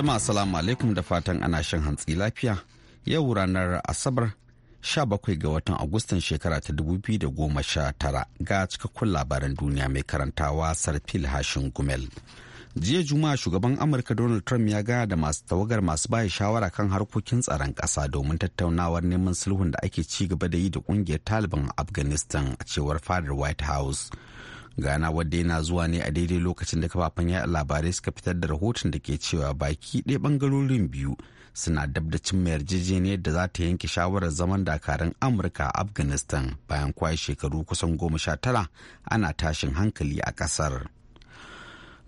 Jama'a salamu alaikum da fatan ana shan hantsi lafiya yau ranar Asabar 17 ga watan Agustan shekara ta 2019 ga cikakkun labaran duniya mai karantawa Sarfil Hashin Gumel. Jiya Juma'a shugaban Amurka Donald Trump ya gaya da masu tawagar masu baya shawara kan harkokin tsaron kasa domin tattaunawar neman sulhun da ake ci gaba da yi da ƙungiyar Taliban Afghanistan a cewar fadar White House. gana wadda yana zuwa ne a daidai lokacin da kafafen yaɗa labarai suka fitar da rahoton da ke cewa baki ɗaya ɓangarorin biyu suna dab da cimma yarjejeniyar da za ta yanke shawarar zaman dakarun amurka a afghanistan bayan kwaye shekaru kusan goma sha tara ana tashin hankali a ƙasar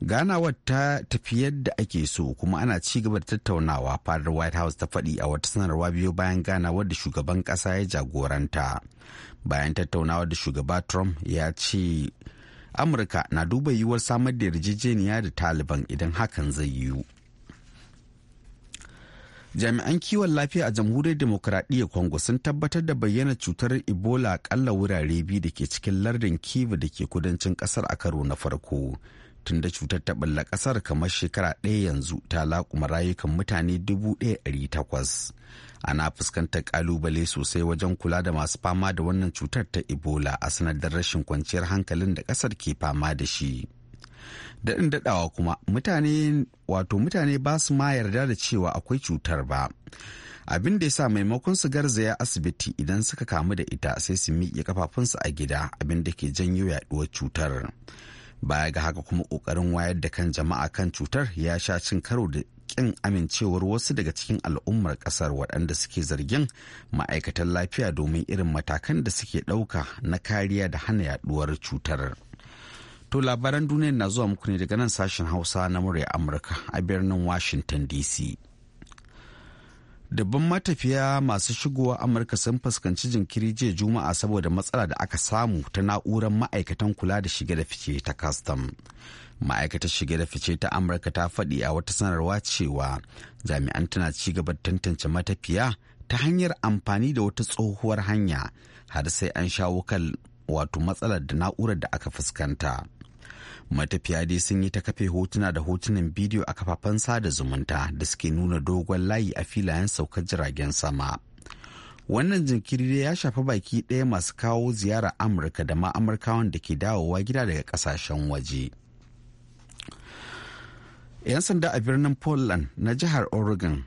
ganawar ta tafi yadda ake so kuma ana ci gaba da tattaunawa fadar white house ta faɗi a wata sanarwa biyu bayan ganawar da shugaban ƙasa ya jagoranta bayan tattaunawa da shugaba trump ya ce amurka na duba yiwuwar samar da yarjejeniya da taliban idan hakan zai yiwu jami'an kiwon lafiya a jamhuriyar demokuraɗiyyar congo sun tabbatar da bayyana cutar ebola akalla wurare biyu da ke cikin lardin kivu da ke kudancin ƙasar a karo na farko tunda cutar ta balla ƙasar kamar shekara ɗaya yanzu ta laƙuma rayukan mutane 1,800. ana fuskantar kalubale sosai wajen kula da masu fama da wannan cutar ta ebola a sanadar rashin kwanciyar hankalin da kasar ke fama da shi daɗin daɗawa kuma mutane wato mutane ba su ma yarda da cewa akwai cutar ba abin da ya sa maimakon su garzaya asibiti idan suka kamu da ita sai su miƙe kafafunsu a gida abin da ke janyo yaɗuwar cutar baya ga haka kuma ƙoƙarin wayar da kan jama'a kan cutar ya sha cin karo da ƙin amincewar wasu daga cikin al'ummar kasar waɗanda suke zargin ma'aikatan lafiya domin irin matakan da suke ɗauka na kariya da hana yaduwar cutar. To labaran duniyar na zuwa muku ne daga nan sashen Hausa na murya Amurka a birnin Washington DC. Dabban matafiya masu shigowa Amurka sun fuskanci jinkiri jiya Juma'a saboda matsala da aka samu ta na'urar ma'aikatan kula da shige da fice ta custom. ma'aikatar shige da fice ta amurka ta faɗi a wata sanarwa cewa jami'an tana ci gaba tantance matafiya ta hanyar amfani da wata tsohuwar hanya har sai an shawo kan wato matsalar da na'urar da aka fuskanta matafiya dai sun yi ta kafe hotuna da hotunan bidiyo a kafafen sada zumunta da suke nuna dogon layi a filayen saukar jiragen sama wannan jinkiri dai ya shafi baki ɗaya masu kawo ziyara amurka da ma amurkawan da ke dawowa gida daga ƙasashen waje. 'yan sanda a birnin poland na jihar oregon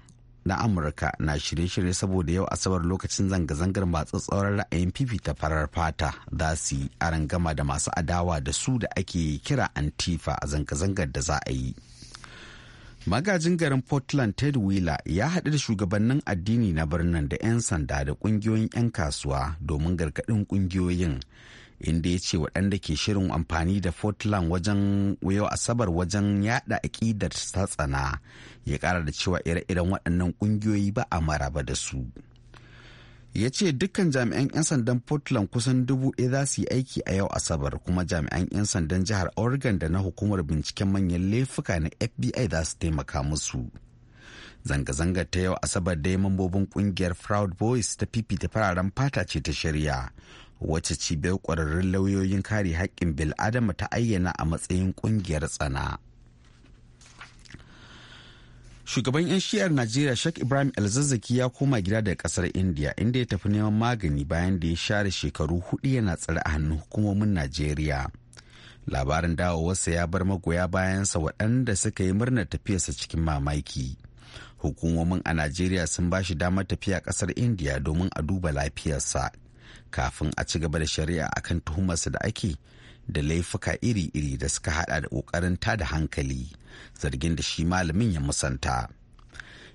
na amurka na shirye-shirye saboda yau asabar lokacin zanga-zangar tsoron ra'ayin fifita farar fata za su yi a rangama da masu adawa da su da ake kira antifa a zanga-zangar da za a yi magajin garin portland ted wheeler ya haɗu da shugabannin addini na birnin da 'yan sanda da ƙungiyoyin 'yan kasuwa domin gargaɗin ƙungiyoyin inda ya ce waɗanda ke shirin amfani da Portland wajen wayo Asabar wajen yada aƙidar ta ya ƙara da cewa ire-iren waɗannan ƙungiyoyi ba a maraba da su. ya ce dukkan jami'an 'yan sandan portland kusan dubu ɗaya za su yi aiki a yau asabar kuma jami'an 'yan sandan jihar oregon da na hukumar binciken manyan laifuka na fbi za su taimaka musu zanga zanga ta yau asabar dai mambobin kungiyar proud boys ta fifita fararen fata ce ta shirya wacce cibiyar ƙwararrun lauyoyin kare haƙƙin bil'adama ta ayyana a matsayin ƙungiyar tsana. Shugaban 'yan shi'ar Najeriya Sheikh Ibrahim Elzazzaki ya koma gida daga kasar India inda ya tafi neman magani bayan da ya share shekaru hudu yana tsare a hannun hukumomin Najeriya. Labarin dawowarsa ya bar magoya bayansa waɗanda suka yi murnar tafiyarsa cikin mamaki. hukumomin a najeriya sun ba shi damar tafiya kasar india domin a duba lafiyarsa kafin a ci gaba da shari'a akan tuhumarsa da ake da laifuka iri-iri da suka hada da kokarin da hankali zargin da shi malamin ya musanta.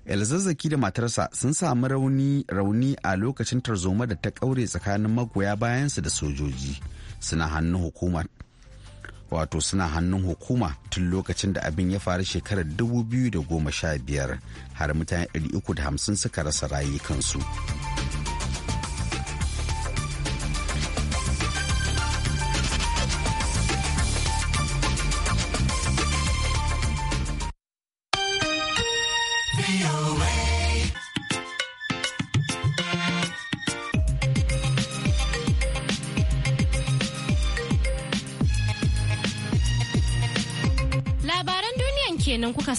elzazzaki da matarsa sun samu rauni rauni a lokacin tarzoma da ta ƙaure tsakanin magoya bayansu da sojoji suna hannun hukuma wato suna hannun hukuma tun lokacin da abin ya faru shekarar 2015 har mutane 350 suka rasa rayukansu. kansu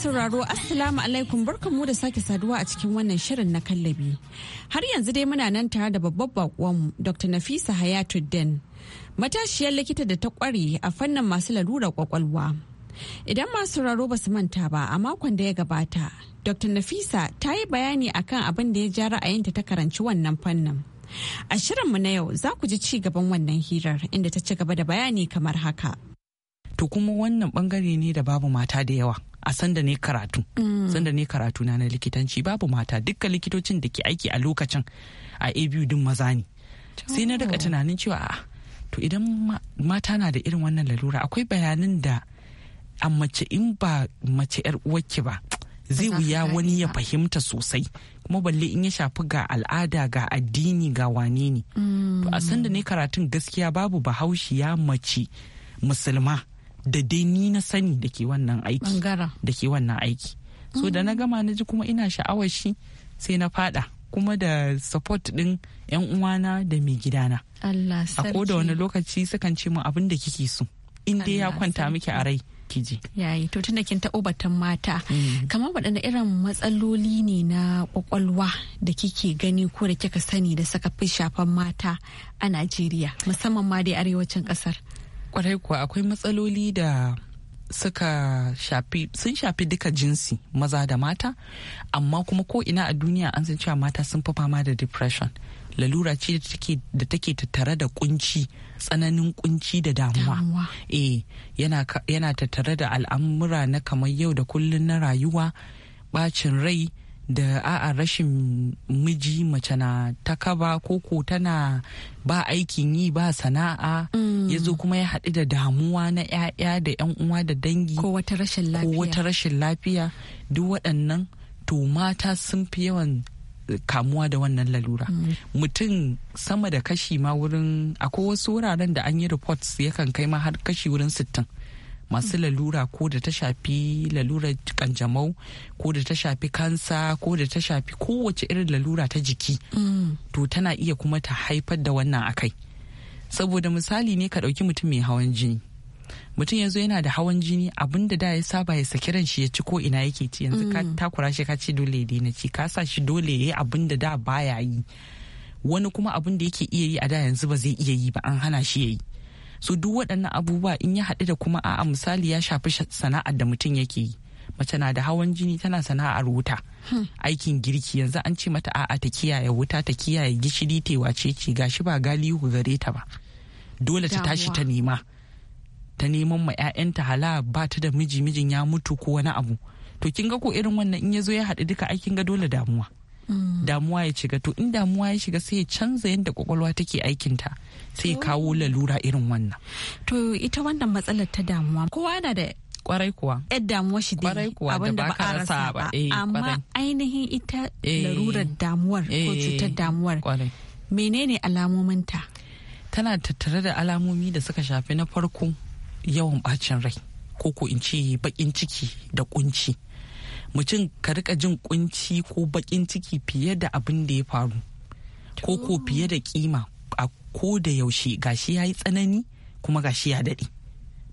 sauraro Assalamu alaikum barkanmu da sake saduwa a cikin wannan shirin na kallabi. Har yanzu dai muna nan tare da babbar bakonmu Dr. Nafisa Hayatuddin, matashiyar likita da ta kware a fannin masu lalurar kwakwalwa. Idan masu sauraro ba su manta ba a makon da ya gabata, Dr. Nafisa ta yi bayani akan abin da ya ja ra'ayinta ta karanci wannan fannin. A shirin mu na yau za ku ji ci gaban wannan hirar inda ta ci gaba da bayani kamar haka. to kuma wannan bangare ne da babu mata da yawa a sanda ne karatu mm. sanda ne karatu na na likitanci babu mata dukkan likitocin da ke aiki a lokacin a abu din maza ne sai na daga tunanin cewa a to idan mata na da irin wannan lalura akwai bayanin da a mace in ba mace yar uwarki ba zai wuya wani ya fahimta sosai kuma balle in ya shafi ga al'ada ga addini ga wane ne to a sanda ne mm. karatun gaskiya babu bahaushiya mace musulma da dai ni na sani da ke wannan aiki da ke wannan aiki so da na gama na ji kuma ina sha'awar shi sai na fada kuma da support din yan uwana da mai gidana Allah sarki a da wani lokaci sukan ce mu abin da kike so in dai ya kwanta miki a rai kiji yayi to tunda kin taɓo batun mata mm. kamar waɗanne irin matsaloli ne na kwakwalwa da kike gani ko da kika sani da saka fi shafan mata a Najeriya musamman ma dai arewacin ƙasar kwarai kuwa akwai matsaloli da suka shafi sun shafi duka jinsi maza da mata amma kuma ko ina a duniya an san cewa mata sun fi fama da depression lalura ce da take tattare da kunci tsananin kunci da damuwa eh yana tattare da al'amura na kamar yau da kullun na rayuwa bacin rai da a'a rashin miji mace na ta kaba koko tana ba aikin yi ba sana'a mm. ya zo kuma ya haɗu da damuwa na 'ya'ya da 'yan uwa da dangi ko wata rashin lafiya ko wata rashin lafiya duk waɗannan to mata sun fi yawan kamuwa da wannan lalura mm. mutum sama da kashi ma wurin akwai wasu wuraren da an yi reports yakan kai ma har kashi wurin sittin masu lalura ko da ta shafi lalurar kanjamau ko da ta shafi kansa ko da ta shafi kowace irin lalura ta jiki mm. to tana iya kuma ta haifar da wannan akai saboda misali ne ka ɗauki mutum mai hawan jini mutum yanzu yana da hawan jini abinda da ya saba ya saki ran shi ya ci ko ina yake ci yanzu ka mm. takura shi ka ce dole ya na ci ka sa shi dole ya yi abinda da da baya yi wani kuma abin da yake iya yi a da yanzu ba zai iya yi ba an hana shi ya yi so duk waɗannan abubuwa in ya haɗu da kuma a'a misali ya shafi sana'ar da mutum yake yi mace na da hawan jini tana sana'ar wuta hmm. aikin girki yanzu an ce mata a'a ta kiyaye wuta ta kiyaye gishiri ta ce ce gashi ba galihu gare ta ba dole ta tashi ta nema ta neman ma 'ya'yanta hala ba ta da miji mijin ya mutu ko wani abu to kin ga ko irin wannan in ya zo ya haɗu duka aikin ga dole damuwa hmm. damuwa ya shiga to in damuwa ya shiga sai ya canza yadda kwakwalwa take aikinta sai kawo lalura irin wannan to ita wannan matsalar ta damuwa kowa na da kwarai kuwa yar damuwa shi dai abin da ba a rasa ba eh, amma ainihin ita eh. larurar damuwar ko eh. cutar damuwar menene alamominta tana tattare da alamomi da suka shafi na farko yawan bacin rai ko ko in ce bakin ciki da kunci mutum ka rika jin kunci ko bakin ciki fiye da abin da ya faru ko ko fiye da kima a ko da yaushe gashi ya yi tsanani kuma gashi ya daɗe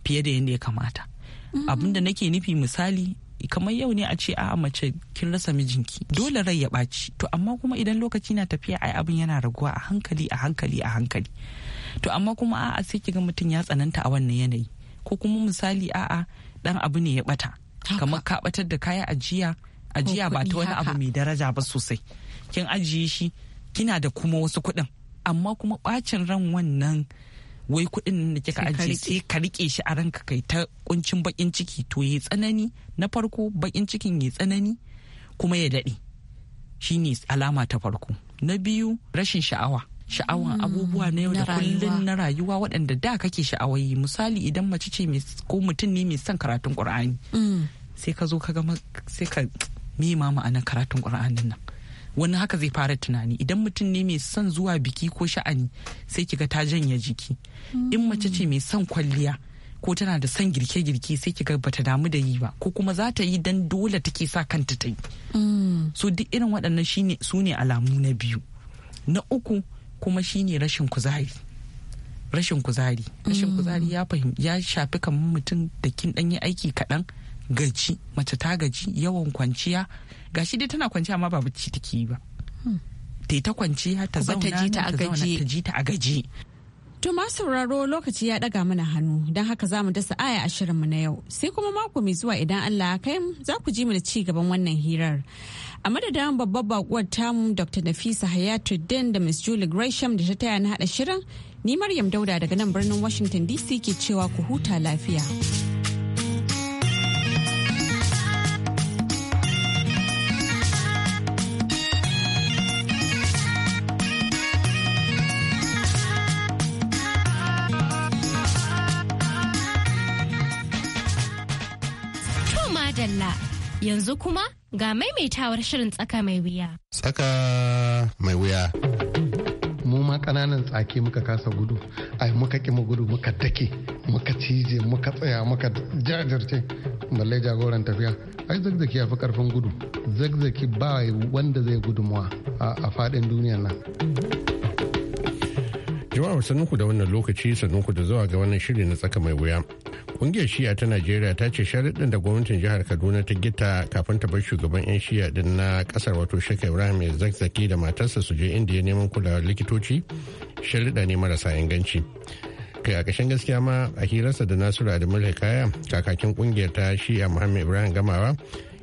fiye da yadda ya kamata mm. abin da nake nufi misali kamar yau ne a ce a mace kin rasa mijinki dole rai ya ɓaci to amma kuma idan lokaci na tafiya ai abin yana raguwa a hankali a hankali a hankali to amma kuma a'a sai kiga mutum ya tsananta a wannan yanayi ko kuma misali a'a dan abu ne ya bata kamar ka batar da kaya ajiya ajiya ba ta wani abu mai daraja ba sosai kin ajiye shi kina da kuma wasu kuɗin amma kuma bacin ran wannan wai kuɗin da kika ajiye sai ka rike shi a ranka kai ta kuncin bakin ciki to ya tsanani na farko bakin cikin ya tsanani kuma ya daɗe shine alama ta farko na biyu rashin sha'awa sha'awan mm, abubuwa na yau da kullum na rayuwa waɗanda da kake sha'awayi misali idan mace ce ko mutum ne mai son karatun ƙur'ani mm. sai ka zo ka ga sai ka mima ma'anar karatun ƙur'anin nan wani haka zai fara tunani idan mutum ne mai son zuwa biki ko sha'ani sai kiga ta janya jiki in mace ce mai son kwalliya ko tana da son girke-girke sai kiga bata damu da yi ba ko kuma za ta yi dan dole take sa kanta ta yi so duk irin waɗannan shine su ne alamu na biyu na uku kuma shine rashin kuzari rashin kuzari rashin kuzari ya ya shafi kamar mutum da kin ɗan yi aiki kaɗan gaji mace ta gaji yawan kwanciya gashi dai tana kwanciya amma ba bacci take ba hmm. ta yi ta kwanciya ta zauna ta ji ta a gaji To ma sauraro lokaci ya daga mana hannu don haka za mu dasa aya a mu na yau sai kuma mako mai zuwa idan Allah kai za ku ji mu ci gaban wannan hirar. A madadin babbar bakuwar tamu Dr. Nafisa hayatu Den da Miss Julie Gresham da ta taya na haɗa shirin, ni Maryam Dauda daga nan birnin Washington DC ke cewa ku huta lafiya. yanzu kuma ga maimaitawar shirin tsaka mai wuya. Tsaka mai wuya. mu ma ƙananan tsaki muka kasa gudu ai muka ƙi gudu muka dake muka cije muka tsaya muka jajirce balle jagoran tafiya ai zagzaki ya fi ƙarfin gudu zagzaki ba wanda zai gudu a faɗin duniyar nan Jama'a sannunku da wannan lokaci sanuku da zuwa ga wannan shiri na tsaka mai wuya. Kungiyar Shiya ta Najeriya ta ce sharaɗin da gwamnatin jihar Kaduna ta gita kafin ta bar shugaban 'yan Shiya din na ƙasar wato Sheikh Ibrahim Zakzaki da matarsa su je Indiya neman kulawar likitoci sharaɗa ne marasa inganci. kai a ƙashin gaskiya ma a hirarsa da Nasiru Adamu Kaya kakakin kungiyar ta Shiya Muhammad Ibrahim Gamawa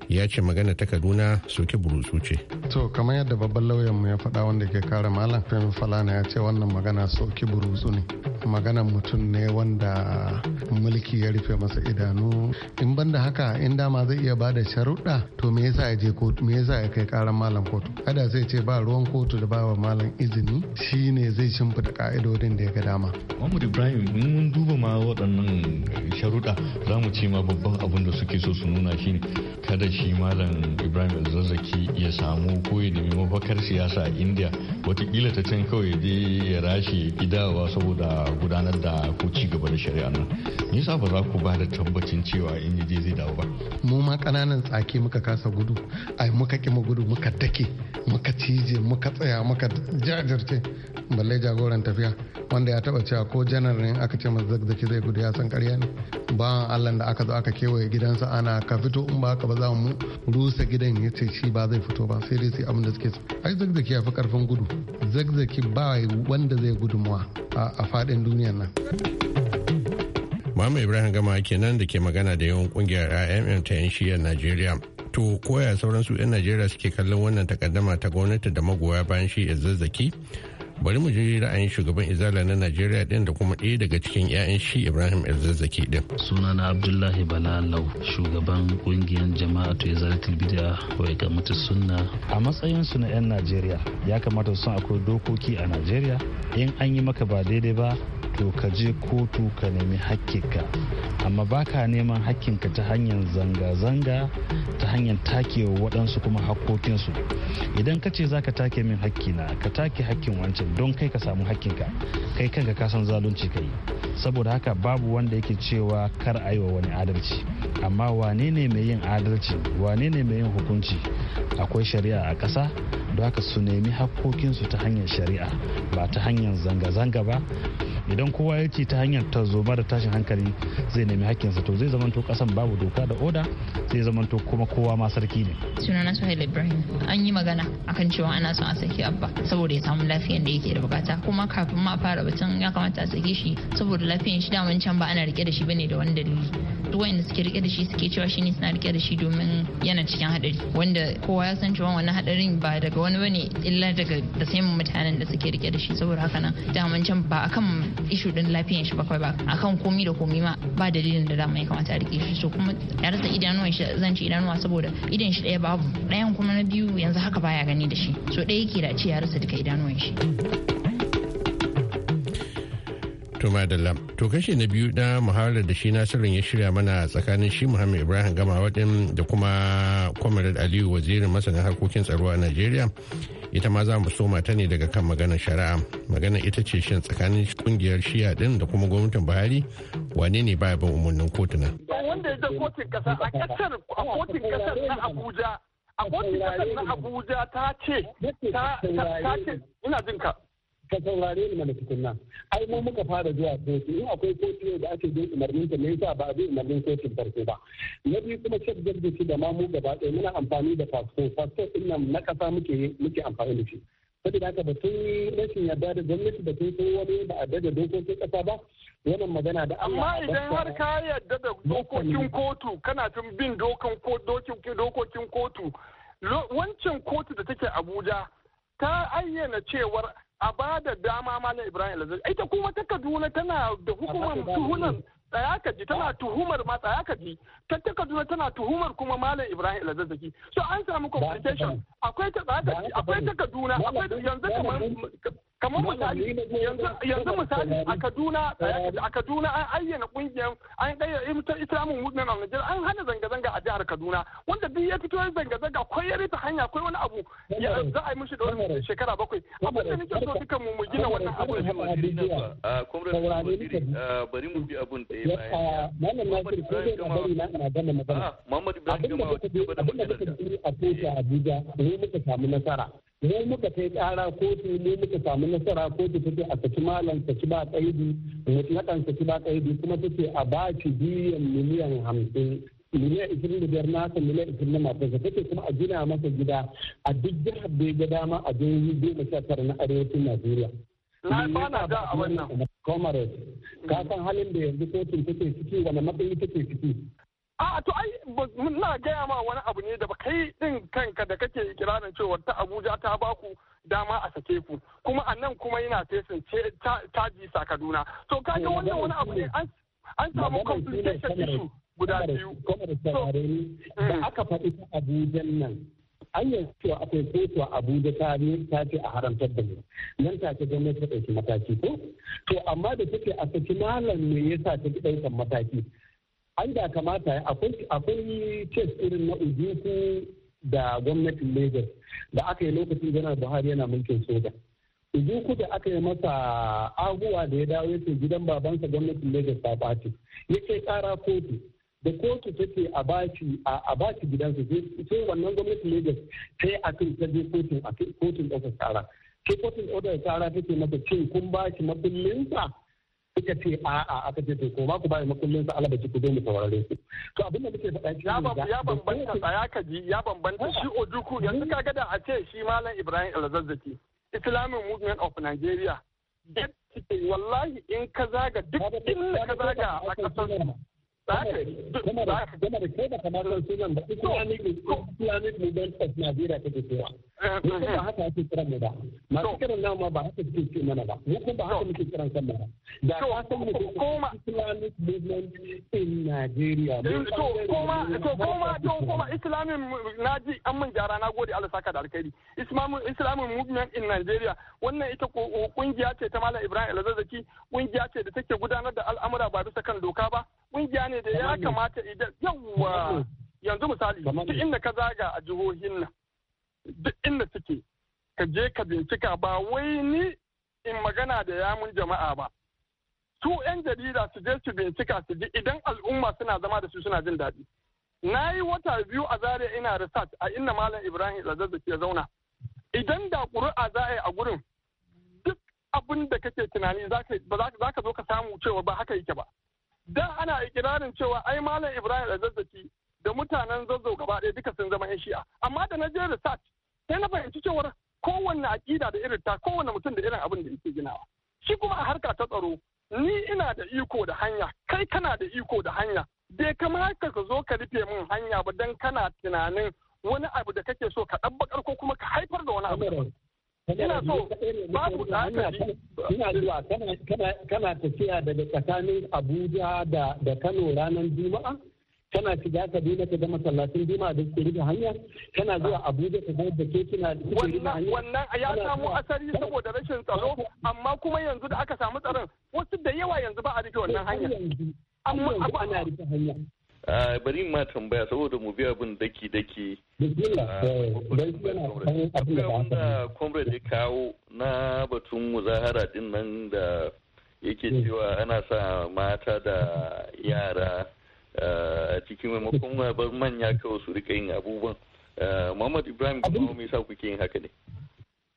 ya ce magana ta kaduna soke burutsu ce to kamar yadda babban lauyan mu ya faɗa wanda ke kare malam fim falana ya ce wannan magana soke burutsu ne magana mutum ne wanda mulki ya rufe masa idanu in ban da haka in dama zai iya bada sharuɗa to me yasa ya je kotu me yasa ya kai karan malam kotu kada zai ce ba ruwan kotu da bawa malam izini shine zai shimfida ka'idodin da ya ga dama Mahmud Ibrahim in mun duba ma waɗannan sharuɗa za mu ce ma babban abin da suke so su nuna shine kada shi malam ibrahim zazzaki ya samu koyi da mafakar siyasa a india watakila ta can kawai dai ya rashe gidawa saboda gudanar da ko ci gaba da shari'a nan nisa ba za ku ba da tabbacin cewa in je zai dawo ba mu ma kananan tsaki muka kasa gudu ai muka kima gudu muka dake muka cije muka tsaya muka jajirce balle jagoran tafiya wanda ya taba cewa ko janar ne aka ce masa zazzaki zai gudu ya san karya ne ba allah da aka zo aka kewaye gidansa ana ka fito in ba haka ba za mu samu rusa gidan ya ce shi ba zai fito ba sai dai sai abin da suke so ai zagzaki ya fi karfin gudu zagzaki ba wanda zai gudunmuwa a faɗin duniyan nan Mama Ibrahim Gama nan da ke magana da yawan kungiyar IMM ta 'yan shiyar Najeriya. To koya sauransu 'yan Najeriya suke kallon wannan takaddama ta gwamnati da magoya bayan shi zazzaki bari mu ji ra'ayin shugaban izala na najeriya din da kuma ɗaya daga cikin 'ya'yan shi ibrahim elzazzaki din sunana abdullahi balalau shugaban kungiyar jama'atu izalatul bid'a wa ikamatu sunna a matsayin su na 'yan najeriya ya kamata su san akwai dokoki a najeriya in an yi maka ba daidai ba to ka je kotu ka nemi hakkinka amma baka neman hakkinka ta hanyar zanga-zanga ta hanyar takewa waɗansu kuma hakkokinsu idan ka ce za ka take min hakkina ka take hakkin wancan don kai ka samu hakkinka kai kanka ka san zalunci kai saboda haka babu wanda yake cewa kar a yi wa wani adalci amma wane ne mai yin adalci wane ne mai yin hukunci akwai shari'a a ƙasa don haka su nemi hakkokinsu ta hanyar shari'a ba ta hanyar zanga-zanga ba idan kowa ya ce ta hanyar tarzoma da tashin hankali zai nemi hakkin sa to zai zamanto kasan babu doka da oda zai zamanto kuma kowa ma sarki ne sunana suhail ibrahim an yi magana akan cewa ana son a saki abba saboda ya samu lafiyan da yake da bukata kuma kafin ma fara batun ya kamata a saki shi saboda lafiyan shi daman can ba ana rike da shi bane da wani dalili duk wanda suke rike da shi suke cewa shine suna rike da shi domin yana cikin hadari wanda kowa ya san cewa wannan hadarin ba daga wani bane illa daga da sayan mutanen da suke rike da shi saboda haka nan daman can ba akan ishu din lafiyan shi ba kawai ba akan komi da komi ma ba dalilin da dama ya kamata a rike shi so kuma ya rasa idanuwan shi zan ci idanuwa saboda idan shi ɗaya babu ɗayan kuma na biyu yanzu haka baya gani da shi so ɗaya yake da ce ya rasa duka idanuwan shi. To madalla, to kashe na biyu na muhawarar da shi Nasirin ya shirya mana tsakanin shi Muhammad Ibrahim gama Wadin da kuma Comrade Aliyu wazirin masanin harkokin tsaro a Najeriya. Ita ma za mu soma ta ne daga kan magana shari'a. magana ita ce shin tsakanin kungiyar Shiya din da kuma gwamnatin Buhari wane ne ba bin umarnin kotuna? Wanda ya kotun kasa a kasar kotun kasar ta Abuja a kotun kasar na Abuja ta ce ta ce ina jin ka ka saurare ni mana tukunna ai mu muka fara zuwa kotu in akwai kotu da ake bin umarnin ta me yasa ba zai umarnin kotun farko ba na biyu kuma shek jabdaci da ma mu gaba ɗaya muna amfani da fasfo fasfo in nan na ƙasa muke muke amfani da shi saboda haka batun rashin yarda da gwamnati da sun san wani ba a daga dokokin kasa ba wannan magana da amma idan har ka yarda da dokokin kotu kana tun bin dokokin kotu wancan kotu da take abuja ta ayyana cewar a ba da dama malam ibrahim alazari ita kuma ta kaduna tana da hukumar tuhunan tsaya ka ji tana tuhumar ma tsaya ka ji ta ta kaduna tana tuhumar kuma malam ibrahim alazari so an samu confrontation akwai ta tsaya ka ji akwai ta kaduna akwai yanzu kamar kamar misali yanzu misali a kaduna a kaduna an ayyana kungiyar an ɗaya islamin movement of nigeria an hana zanga-zanga a jihar kaduna wanda duk ya fito zanga-zanga ko ya rufe hanya ko wani abu za a yi mishi da wani shekara bakwai abin da nake so dukan mu mu gina wannan abu da ah, ah, bari mu bi abun da ya baya ah, Muhammad Ibrahim Gama Muhammad Ibrahim Gama wata gaba da magana da Abuja ne muka samu nasara mu muka kai kara kotu mu muka samu nasara kotu take a saki malam saki ba kaidi mutlakan saki ba kaidi kuma take a ki biyan miliyan hamsin miliyan ishirin da biyar nasa miliyan ishirin na matarsa take kuma a gina masa gida a duk jihar da ya ga dama a jihohi goma sha tara na arewacin najeriya na bana da a wannan comrade ka san halin da yanzu kotun take ciki wani matsayi take ciki A to ai na gaya ma wani abu ne da ba kai din kanka da kake ikirarin cewa ta Abuja ta baku dama a sake ku kuma a nan kuma yana fesin caji sa Kaduna. To kaga wannan wani abu ne an samu complication issue guda biyu. Da eh. aka faɗi ta Abuja nan an yanzu cewa akwai kotu a abuja ta ta ce a haramtar da mu nan ta ce gwamnati ta ɗauki mataki ko to amma da take a saki malam ne ya sa ta ɗaukar mataki An da kamata akwai kes irin na ujuku da gwamnatin lagos da aka yi lokacin janar buhari yana mulkin soja ujuku da aka yi masa aguwa da ya dawo yake gidan babansa gwamnatin lagos ta ɓaci ya ce ƙara kotu da kotu ta a baci a baci gidansa sai wannan gwamnatin lagos ta yi akan ta je kotun kotun ɗaukar ƙara sai kotun ɗaukar ƙara ta masa cin kun ba shi makullinsa suka ce a a aka ce to ba ku bayan makullin sa alaba alabaci ku zo mu saurare su to abin da muke faɗa shi ya bambanta tsaya ka ji ya bambanta shi oduku yanzu kaga da a ce shi malam Ibrahim Alzazzaki Islamic Movement of Nigeria wallahi in ka zaga duk din da ka zaga a kasar Gama da kai da kamar sunan da Islamic Movement of Nigeria take cewa. ba haka ake kiran mu ba masu kiran nan ma ba haka suke ce mana ba mu kuma ba haka muke kiran kan ba da ka san mu ko kuma islamic movement in Nigeria to kuma to kuma to kuma islamic naji an mun gyara na gode Allah saka da alkhairi islamic movement in Nigeria wannan ita kungiya ce ta Malam Ibrahim Alzazzaki kungiya ce da take gudanar da al'amura ba bisa kan doka ba kungiya ne da ya kamata idan yawwa yanzu misali duk inda ka zaga a jihohin nan duk inda suke ka je ka bincika ba wai ni in magana da yamun jama'a ba su 'yan jarida su je su bincika su ji idan al'umma suna zama da su suna jin daɗi na yi wata biyu a zare ina research a inda malam ibrahim da ya zauna idan da ƙuri'a za a yi a gurin duk abin da kake tunani za ka zo ka samu cewa ba haka yake ba da ana ikirarin cewa ai malam ibrahim lazazzaki da mutanen zazzau gaba ɗaya duka sun zama 'yan shi'a amma da na je research sai na fahimci cewar kowanne aƙida da irin ta kowanne mutum da irin abin da yake ginawa shi kuma a harka ta tsaro ni ina da iko da hanya kai kana da iko da hanya bai kamata ka zo ka rufe min hanya ba dan kana tunanin wani abu da kake so ka ɗabbakar ko kuma ka haifar da wani abu ina so babu da ina zuwa kana tafiya daga tsakanin abuja da kano ranar juma'a kana shiga Kaduna ka ga masallacin jima'a da suke rufe hanya kana zuwa Abuja ka ga da kekina da suke rufe hanya wannan ya samu asali saboda rashin tsaro amma kuma yanzu da aka samu tsaron wasu da yawa yanzu ba a rufe wannan hanya amma abu ana rufe hanya ah, bari ma tambaya saboda mu biya abin daki daki ah, eh, wanda comrade ya kawo na batun muzahara din nan da yake hmm. cewa ana sa mata da yara A eh, cikin maimakon bar manya kawai su rika yin abubuwan eh, Muhammad Ibrahim kuma me yasa kuke yin haka ne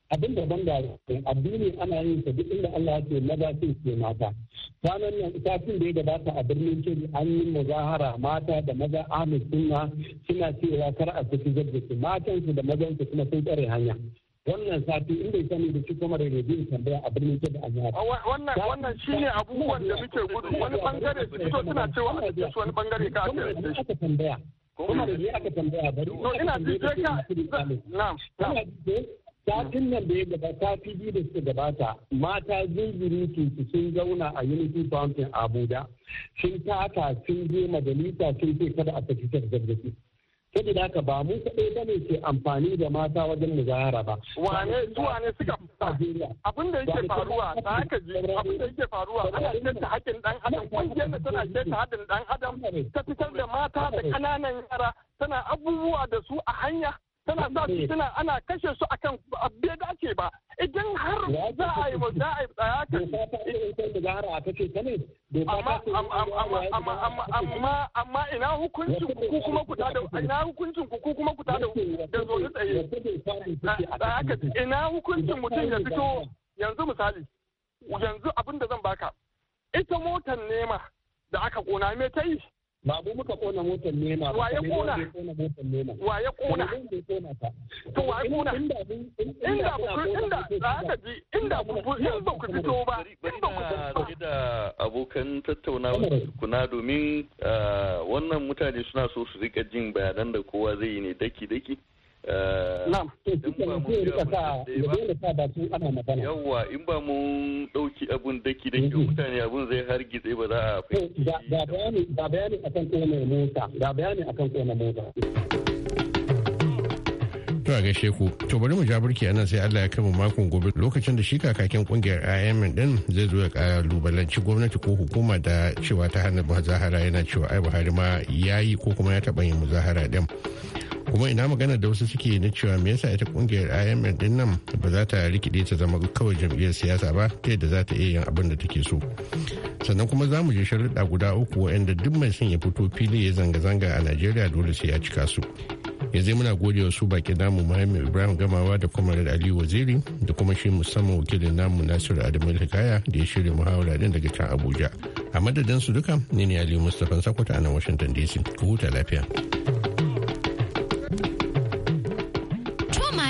abin da ban da addini ana yin sa duk inda Allah ya maza sun ce mata kwanan nan satin da ya gabata a birnin ce an yi muzahara mata da maza amin Sunna suna cewa kar a saki zabbi matan su da mazan su kuma sun tsare hanya wannan sati in bai sani da shi kuma da rediyon tambaya a birnin kebbi a jihar. wannan wannan shine abubuwan da muke gudu wani bangare su fito suna cewa a cikin su wani bangare ka aka tambaya. kuma da ne aka tambaya bari. to ina jije ka na'am na'am. satin nan da ya gaba sati biyu da suka gabata mata jinjiri su sun zauna a unity fountain abuja sun taka sun je majalisa sun ce kada a saki ta da saboda haka ba mu kaɗai ba ne ke amfani da mata wajen muzahara ba. Wane su ne suka Najeriya. Abin da yake faruwa da haka ji abin da yake faruwa ana ta haƙƙin ɗan adam ƙungiyar da tana ta hadin ɗan adam ta fitar da mata da ƙananan yara tana abubuwa da su a hanya tana sa su eh. tana ana kashe su akan bai dace ba idan har za a yi za a yi tsaya amma amma ina hukuncin ku kuma ku tada ina hukuncin ku kuma ku tada da zo da tsaye tsaya ka ina hukuncin mutum ya fito yanzu misali yanzu abin da zan baka ita motar nema da aka kona me ta yi ba mu muka kona motar nema wa ya kona wa ya kona to wa ya kona inda inda inda za ji inda ku in ba ku fito ba in ba ku fito da abokan tattaunawa kuna domin ah, wannan mutane suna so su rika jin bayanan da kowa zai yi ne daki daki Eh, yawwa in ba mun ɗauki abun daki da ke mhm. mutane abun zai hargitse ba za a fahimci ga bayani akan kone mota ga bayani akan kone mota To a gaishe ku, to bari mu ja burki anan sai Allah ya kama makon gobe lokacin da shi kakakin kungiyar IMN din zai zo ya lubalanci gwamnati ko hukuma da cewa ta hana muzahara yana cewa ai Buhari ma yayi ko kuma ya taɓa yin muzahara din. kuma ina magana da wasu suke na cewa me yasa ita kungiyar imf din nan ba za ta rikide ta zama kawai jam'iyyar siyasa ba ta yadda za ta iya yin abin da take so sannan kuma za mu je sharuɗa guda uku waɗanda duk mai son ya fito fili ya zanga-zanga a najeriya dole sai ya cika su yanzu muna gode wa su baki namu muhammad ibrahim gamawa da kuma ali waziri da kuma shi musamman wakilin namu nasiru adamu hikaya da ya shirya muhawara din daga can abuja a madadin su duka ne ne Ali mustapha sakwata a nan washington dc ku huta lafiya